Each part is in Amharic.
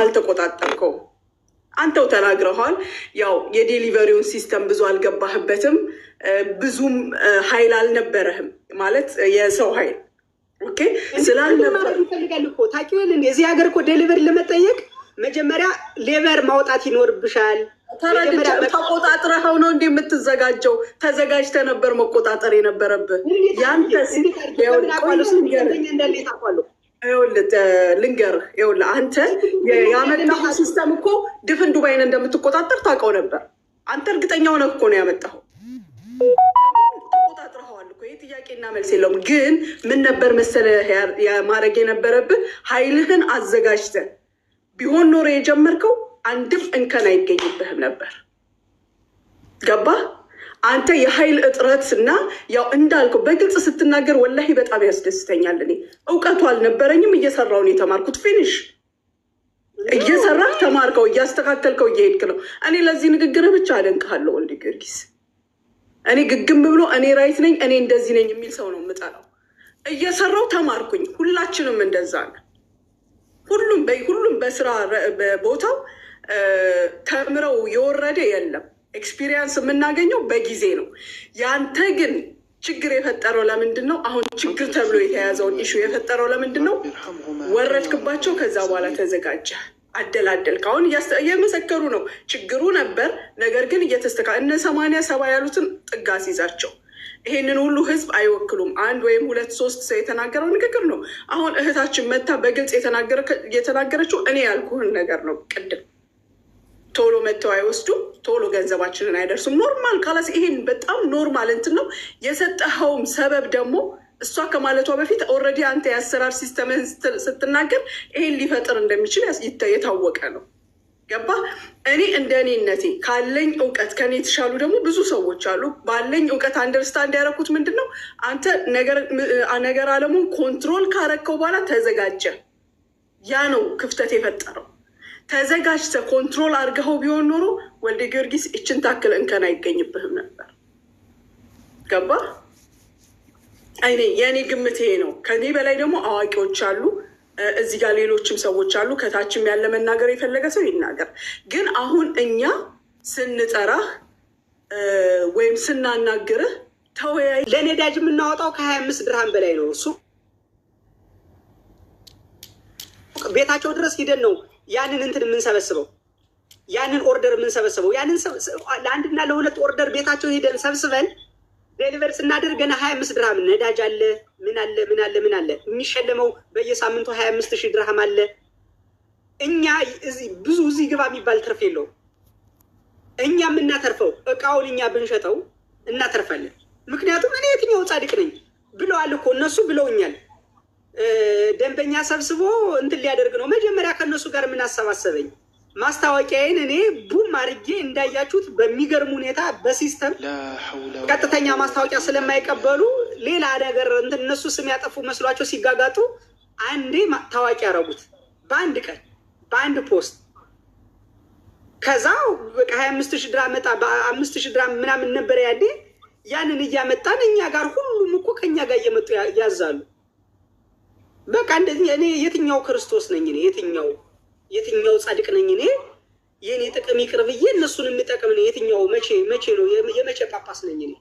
አልተቆጣጠርከው። አንተው ተናግረኋል። ያው የዴሊቨሪውን ሲስተም ብዙ አልገባህበትም፣ ብዙም ኃይል አልነበረህም ማለት የሰው ኃይል ኦኬ ስላልነበረ እኮ ታውቂውን እንደ ሀገር እኮ ዴሊቨሪ ለመጠየቅ መጀመሪያ ሌቨር ማውጣት ይኖርብሻል። ተቆጣጥረኸው ነው እንደ የምትዘጋጀው? ተዘጋጅተ ነበር መቆጣጠር የነበረብህ ያንተ ሲሆን ቆይ እንዳለ ታውቃለህ ይኸውልህ ልንገርህ፣ ይኸውልህ አንተ ያመጣኸው ሲስተም እኮ ድፍን ዱባይን እንደምትቆጣጠር ታውቀው ነበር። አንተ እርግጠኛ ሆነህ እኮ ነው ያመጣኸው፣ ተቆጣጥረኸዋል ጥያቄና መልስ የለውም። ግን ምን ነበር መሰለህ ማድረግ የነበረብህ ኃይልህን አዘጋጅተህ ቢሆን ኖሮ የጀመርከው አንድም እንከን አይገኝብህም ነበር። ገባህ? አንተ የኃይል እጥረት እና ያው እንዳልከው በግልጽ ስትናገር ወላሂ በጣም ያስደስተኛል። እኔ እውቀቱ አልነበረኝም፣ እየሰራው ነው የተማርኩት። ፊኒሽ እየሰራህ ተማርከው፣ እያስተካከልከው፣ እየሄድክ ነው። እኔ ለዚህ ንግግር ብቻ አደንቅሃለሁ ወልድ ጊዮርጊስ። እኔ ግግም ብሎ እኔ ራይት ነኝ እኔ እንደዚህ ነኝ የሚል ሰው ነው የምጠላው። እየሰራው ተማርኩኝ። ሁላችንም እንደዛ ነ ሁሉም በስራ ቦታው ተምረው የወረደ የለም። ኤክስፒሪየንስ የምናገኘው በጊዜ ነው። ያንተ ግን ችግር የፈጠረው ለምንድን ነው? አሁን ችግር ተብሎ የተያዘውን ኢሹ የፈጠረው ለምንድን ነው? ወረድክባቸው፣ ከዛ በኋላ ተዘጋጀ፣ አደላደልክ። አሁን እየመሰከሩ ነው ችግሩ ነበር፣ ነገር ግን እየተስተካ እነ ሰማንያ ሰባ ያሉትን ጥጋስ ይዛቸው ይሄንን ሁሉ ህዝብ አይወክሉም። አንድ ወይም ሁለት ሶስት ሰው የተናገረው ንግግር ነው። አሁን እህታችን መታ በግልጽ የተናገረችው እኔ ያልኩህን ነገር ነው ቅድም ቶሎ መጥተው አይወስዱም፣ ቶሎ ገንዘባችንን አይደርሱም። ኖርማል ካላስ ይሄን በጣም ኖርማል እንትን ነው። የሰጠኸውም ሰበብ ደግሞ እሷ ከማለቷ በፊት ኦልሬዲ አንተ የአሰራር ሲስተምህን ስትናገር ይሄን ሊፈጥር እንደሚችል የታወቀ ነው። ገባ እኔ እንደ እኔነቴ ካለኝ እውቀት ከኔ የተሻሉ ደግሞ ብዙ ሰዎች አሉ። ባለኝ እውቀት አንደርስታንድ ያደረኩት ምንድን ነው አንተ ነገር አለሙን ኮንትሮል ካረከው በኋላ ተዘጋጀ። ያ ነው ክፍተት የፈጠረው። ተዘጋጅተ ኮንትሮል አድርገኸው ቢሆን ኖሮ ወልደ ጊዮርጊስ እችን ታክል እንከን አይገኝብህም ነበር። ገባ አይኔ የእኔ ግምት ይሄ ነው። ከኔ በላይ ደግሞ አዋቂዎች አሉ እዚህ ጋር ሌሎችም ሰዎች አሉ። ከታችም ያለ መናገር የፈለገ ሰው ይናገር። ግን አሁን እኛ ስንጠራህ ወይም ስናናግርህ ተወያይ ለነዳጅ የምናወጣው ከሀያ አምስት ድርሃም በላይ ነው እሱ ቤታቸው ድረስ ሂደን ነው ያንን እንትን የምንሰበስበው ያንን ኦርደር የምንሰበስበው ያንን ለአንድና ለሁለት ኦርደር ቤታቸው ሂደን ሰብስበን ዴሊቨር ስናደርግ ገና ሀያ አምስት ድርሃም ነዳጅ አለ፣ ምን አለ፣ ምን አለ፣ ምን አለ የሚሸለመው በየሳምንቱ ሀያ አምስት ሺህ ድርሃም አለ። እኛ ብዙ እዚህ ግባ የሚባል ትርፍ የለው። እኛ የምናተርፈው እቃውን እኛ ብንሸጠው እናተርፋለን። ምክንያቱም እኔ የትኛው ጻድቅ ነኝ ብለዋል እኮ እነሱ ብለውኛል። ደንበኛ ሰብስቦ እንትን ሊያደርግ ነው። መጀመሪያ ከእነሱ ጋር የምናሰባሰበኝ ማስታወቂያዬን እኔ ቡም አድርጌ እንዳያችሁት በሚገርም ሁኔታ በሲስተም ቀጥተኛ ማስታወቂያ ስለማይቀበሉ ሌላ ነገር እነሱ ስም ያጠፉ መስሏቸው ሲጋጋጡ አንዴ ታዋቂ ያረጉት በአንድ ቀን በአንድ ፖስት ከዛው ሀያ አምስት ድራ መጣ በአምስት ሺ ድራ ምናምን ነበረ ያኔ። ያንን እያመጣን እኛ ጋር ሁሉም እኮ ከኛ ጋር እየመጡ ያዛሉ። በቃ እንደዚህ እኔ የትኛው ክርስቶስ ነኝ? እኔ የትኛው የትኛው ጻድቅ ነኝ? እኔ የእኔ ጥቅም ይቅር እነሱን የሚጠቅም ነው የትኛው? መቼ መቼ ነው የመቼ ጳጳስ ነኝ እኔ?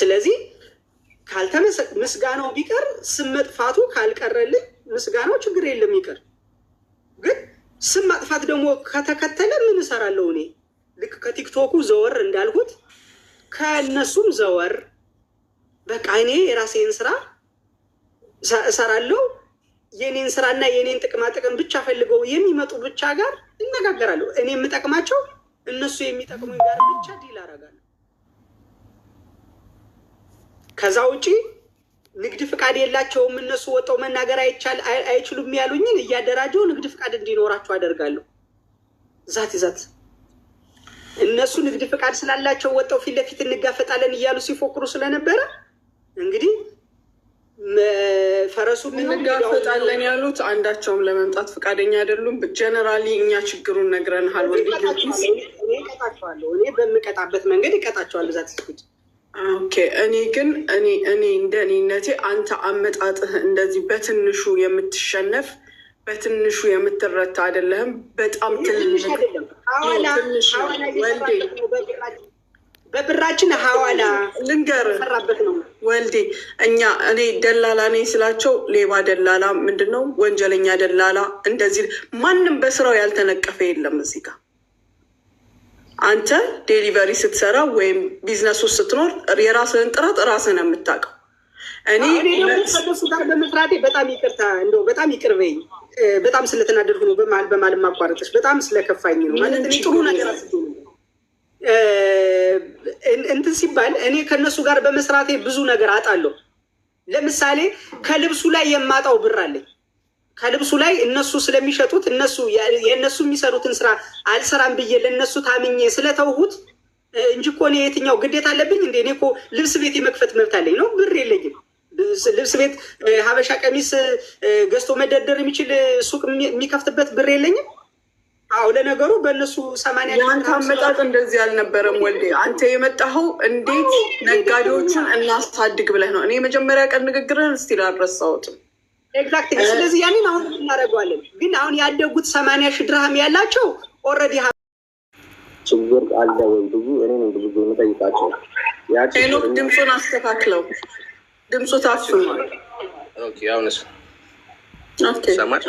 ስለዚህ ካልተመሰ ምስጋናው ቢቀር ስም መጥፋቱ ካልቀረልኝ ምስጋናው ችግር የለም ይቀር። ግን ስም ማጥፋት ደግሞ ከተከተለ ምን እሰራለሁ እኔ? ልክ ከቲክቶኩ ዘወር እንዳልኩት ከእነሱም ዘወር በቃ እኔ የራሴን ስራ እሰራለሁ። የኔን ስራና የኔን ጥቅማ ጥቅም ብቻ ፈልገው የሚመጡ ብቻ ጋር እነጋገራለሁ። እኔ የምጠቅማቸው እነሱ የሚጠቅሙ ጋር ብቻ ዲል አደርጋለሁ። ከዛ ውጪ ንግድ ፍቃድ የላቸውም እነሱ ወጠው መናገር አይችሉም ያሉኝን እያደራጀው ንግድ ፍቃድ እንዲኖራቸው አደርጋለሁ። ዛት ይዛት እነሱ ንግድ ፍቃድ ስላላቸው ወጠው ፊት ለፊት እንጋፈጣለን እያሉ ሲፎክሩ ስለነበረ እንግዲህ ፈረሱ እንጋፈጣለን ያሉት አንዳቸውም ለመምጣት ፈቃደኛ አይደሉም። ጀነራሊ እኛ ችግሩን ነግረንሃል። እኔ በምቀጣበት መንገድ ይቀጣቸዋል። ብዛት ኦኬ። እኔ ግን እኔ እኔ እንደ እኔነቴ አንተ አመጣጥህ እንደዚህ በትንሹ የምትሸነፍ በትንሹ የምትረታ አይደለህም። በጣም ትንሽ በብራችን ሀዋላ ልንገርህ ነው ወልዴ እኛ እኔ ደላላ ነኝ ስላቸው ሌባ ደላላ ምንድን ነው ወንጀለኛ ደላላ እንደዚህ ማንም በስራው ያልተነቀፈ የለም እዚህ ጋር አንተ ዴሊቨሪ ስትሰራ ወይም ቢዝነሱ ስትኖር የራስህን ጥረት ራስህን የምታውቀው እኔ ከእነሱ ጋር በመስራቴ በጣም ይቅርታ እንደው በጣም ይቅርበኝ በጣም ስለተናደድኩ ነው በማል በማል ማቋረጥሽ በጣም ስለከፋኝ ነው ማለት ጥሩ ነገር እንትን ሲባል እኔ ከነሱ ጋር በመስራቴ ብዙ ነገር አጣለሁ። ለምሳሌ ከልብሱ ላይ የማጣው ብር አለኝ። ከልብሱ ላይ እነሱ ስለሚሸጡት እነሱ የእነሱ የሚሰሩትን ስራ አልሰራም ብዬ ለእነሱ ታምኜ ስለተውሁት እንጂ እኮ እኔ የትኛው ግዴታ አለብኝ እንዴ? እኔ እኮ ልብስ ቤት የመክፈት መብት አለኝ ነው፣ ብር የለኝም። ልብስ ቤት ሀበሻ ቀሚስ ገዝቶ መደርደር የሚችል ሱቅ የሚከፍትበት ብር የለኝም። አዎ ለነገሩ በእነሱ ሰማንያ የአንተ አመጣጥ እንደዚህ አልነበረም ወልዴ። አንተ የመጣኸው እንዴት ነጋዴዎቹን እናሳድግ ብለህ ነው። እኔ የመጀመሪያ ቀን ንግግርን ስቲል አልረሳሁትም። ኤግዛክት። ስለዚህ ያንን አሁን እናደርገዋለን። ግን አሁን ያደጉት ሰማንያ ሺህ ድርሃም ያላቸው ኦልሬዲ ችግር አለ ወይ ብዙ እኔ ነው ብዙ የምጠይቃቸው። ሄኖክ ድምፁን አስተካክለው፣ ድምፁ ታፍኗል። ኦኬ አሁንስ ይሰማል?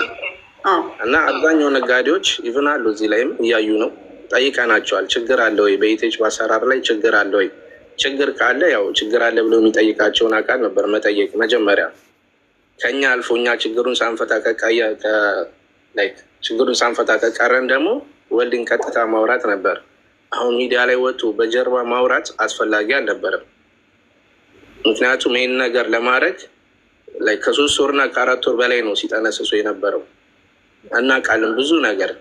እና አብዛኛው ነጋዴዎች ይፍን አሉ እዚህ ላይም እያዩ ነው። ጠይቀናቸዋል። ችግር አለ ወይ በኢቴች በአሰራር ላይ ችግር አለ ወይ? ችግር ካለ ያው ችግር አለ ብሎ የሚጠይቃቸውን አካል ነበር መጠየቅ መጀመሪያ። ከኛ አልፎ እኛ ችግሩን ሳንፈታ ችግሩን ሳንፈታ ከቀረን ደግሞ ወልድን ቀጥታ ማውራት ነበር። አሁን ሚዲያ ላይ ወጡ በጀርባ ማውራት አስፈላጊ አልነበረም። ምክንያቱም ይህን ነገር ለማድረግ ከሶስት ወርና ከአራት ወር በላይ ነው ሲጠነስሱ የነበረው። እናውቃለን ብዙ ነገር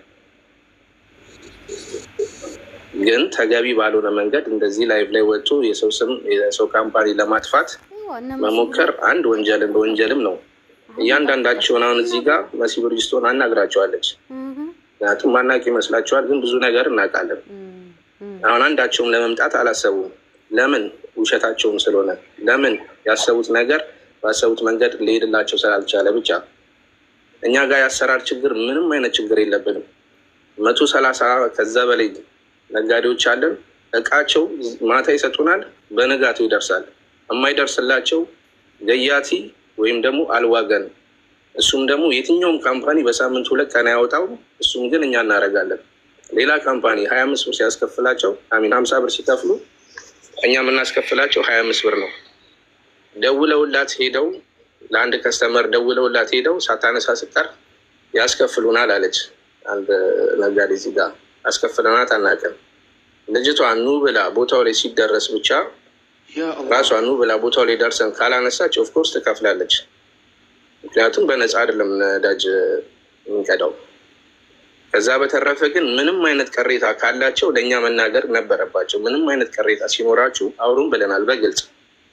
ግን ተገቢ ባልሆነ መንገድ እንደዚህ ላይፍ ላይ ወጡ የሰው ስም የሰው ካምፓኒ ለማጥፋት መሞከር አንድ ወንጀልም በወንጀልም ነው። እያንዳንዳቸውን አሁን እዚህ ጋር መሲ ብርጅስቶን አናግራቸዋለች። ምክንያቱም ማናቅ ይመስላቸዋል፣ ግን ብዙ ነገር እናውቃለን። አሁን አንዳቸውም ለመምጣት አላሰቡም። ለምን? ውሸታቸውም ስለሆነ። ለምን? ያሰቡት ነገር ባሰቡት መንገድ ሊሄድላቸው ስላልቻለ ብቻ እኛ ጋር የአሰራር ችግር ምንም አይነት ችግር የለብንም። መቶ ሰላሳ ከዛ በላይ ነጋዴዎች አለን። እቃቸው ማታ ይሰጡናል፣ በንጋቱ ይደርሳል። የማይደርስላቸው ገያቲ ወይም ደግሞ አልዋገን፣ እሱም ደግሞ የትኛውም ካምፓኒ በሳምንት ሁለት ቀን ያወጣው፣ እሱም ግን እኛ እናደርጋለን። ሌላ ካምፓኒ ሀያ አምስት ብር ሲያስከፍላቸው አሚን ሀምሳ ብር ሲከፍሉ እኛ የምናስከፍላቸው ሀያ አምስት ብር ነው። ደውለውላት ሄደው ለአንድ ከስተመር ደውለውላት ሄደው ሳታነሳ ስቀር ያስከፍሉናል አለች። አንድ ነጋዴ እዚህ ጋር አስከፍለናት አናውቅም። ልጅቷ ኑ ብላ ቦታው ላይ ሲደረስ ብቻ ራሷ ኑ ብላ ቦታው ላይ ደርሰን ካላነሳች ኦፍኮርስ ትከፍላለች። ምክንያቱም በነፃ አይደለም ነዳጅ የምንቀዳው። ከዛ በተረፈ ግን ምንም አይነት ቅሬታ ካላቸው ለእኛ መናገር ነበረባቸው። ምንም አይነት ቅሬታ ሲኖራችሁ አውሩን ብለናል በግልጽ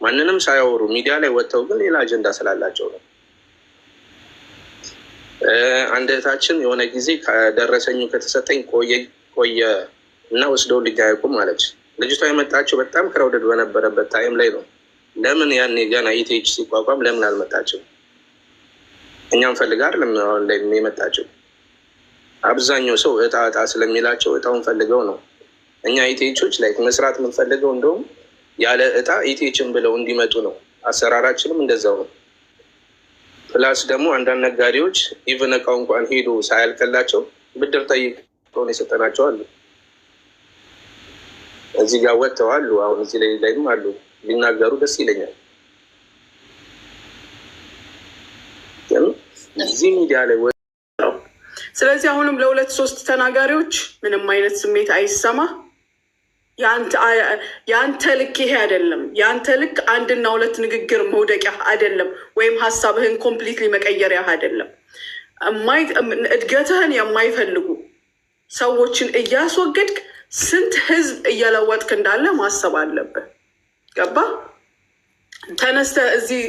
ማንንም ሳያወሩ ሚዲያ ላይ ወጥተው ግን ሌላ አጀንዳ ስላላቸው ነው። አንድ እህታችን የሆነ ጊዜ ከደረሰኝ ከተሰጠኝ ቆየ እና ወስደው ልጅ አያውቁም አለች። ልጅቷ የመጣችው በጣም ክረውደድ በነበረበት ታይም ላይ ነው። ለምን ያኔ ገና ኢቴች ሲቋቋም ለምን አልመጣችም? እኛም ፈልጋ አይደለም የመጣችው። አብዛኛው ሰው እጣ እጣ ስለሚላቸው እጣውን ፈልገው ነው። እኛ ኢቴቾች ላይ መስራት የምንፈልገው እንደውም ያለ እጣ ኢቴችን ብለው እንዲመጡ ነው። አሰራራችንም እንደዛው ነው። ፕላስ ደግሞ አንዳንድ ነጋዴዎች ኢቨን እቃው እንኳን ሄዶ ሳያልቅላቸው ብድር ጠይቀውን የሰጠናቸው አሉ። እዚህ ጋር ወጥተው አሉ። አሁን እዚህ ላይ ላይም አሉ። ሊናገሩ ደስ ይለኛል። እዚህ ሚዲያ ላይ ስለዚህ አሁንም ለሁለት ሶስት ተናጋሪዎች ምንም አይነት ስሜት አይሰማ የአንተ ልክ ይሄ አይደለም። የአንተ ልክ አንድና ሁለት ንግግር መውደቂያ አይደለም፣ ወይም ሀሳብህን ኮምፕሊትሊ መቀየሪያ አይደለም። እድገትህን የማይፈልጉ ሰዎችን እያስወገድክ ስንት ህዝብ እየለወጥክ እንዳለ ማሰብ አለብህ። ገባ ተነስተ እዚህ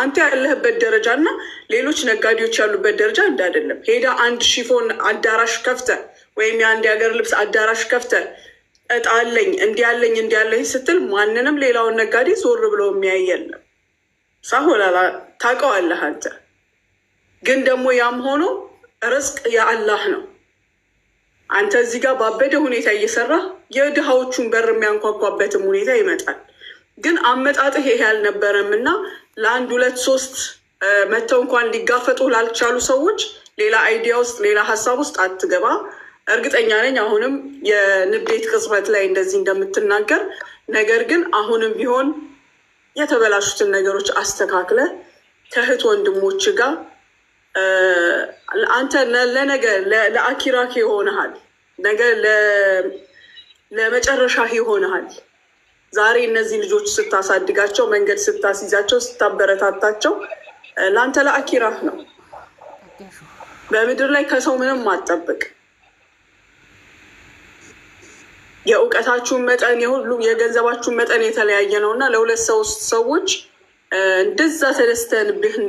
አንተ ያለህበት ደረጃ እና ሌሎች ነጋዴዎች ያሉበት ደረጃ እንዳይደለም? ሄዳ አንድ ሺፎን አዳራሽ ከፍተ ወይም የአንድ የሀገር ልብስ አዳራሽ ከፍተ እጣለኝ እንዲያለኝ እንዲያለኝ ስትል ማንንም ሌላውን ነጋዴ ዞር ብሎ የሚያይ የለም። ሳሆላላ ታውቀዋለህ አንተ። ግን ደግሞ ያም ሆኖ ርዝቅ የአላህ ነው። አንተ እዚህ ጋር ባበደ ሁኔታ እየሰራ የድሃዎቹን በር የሚያንኳኳበትም ሁኔታ ይመጣል። ግን አመጣጥህ ይሄ አልነበረም እና ለአንድ ሁለት ሶስት መተው እንኳን ሊጋፈጡ ላልቻሉ ሰዎች ሌላ አይዲያ ውስጥ ሌላ ሀሳብ ውስጥ አትገባ። እርግጠኛ ነኝ አሁንም የንዴት ቅጽበት ላይ እንደዚህ እንደምትናገር። ነገር ግን አሁንም ቢሆን የተበላሹትን ነገሮች አስተካክለ ከእህት ወንድሞች ጋር አንተ ለነገ ለአኪራክ ይሆንሃል፣ ነገ ለመጨረሻህ ይሆንሃል። ዛሬ እነዚህ ልጆች ስታሳድጋቸው፣ መንገድ ስታስይዛቸው፣ ስታበረታታቸው ለአንተ ለአኪራህ ነው። በምድር ላይ ከሰው ምንም አጠብቅ። የእውቀታችሁን መጠን የሁሉም የገንዘባችሁን መጠን የተለያየ ነው እና ለሁለት ሰው ሰዎች እንደዛ ተደስተንብህ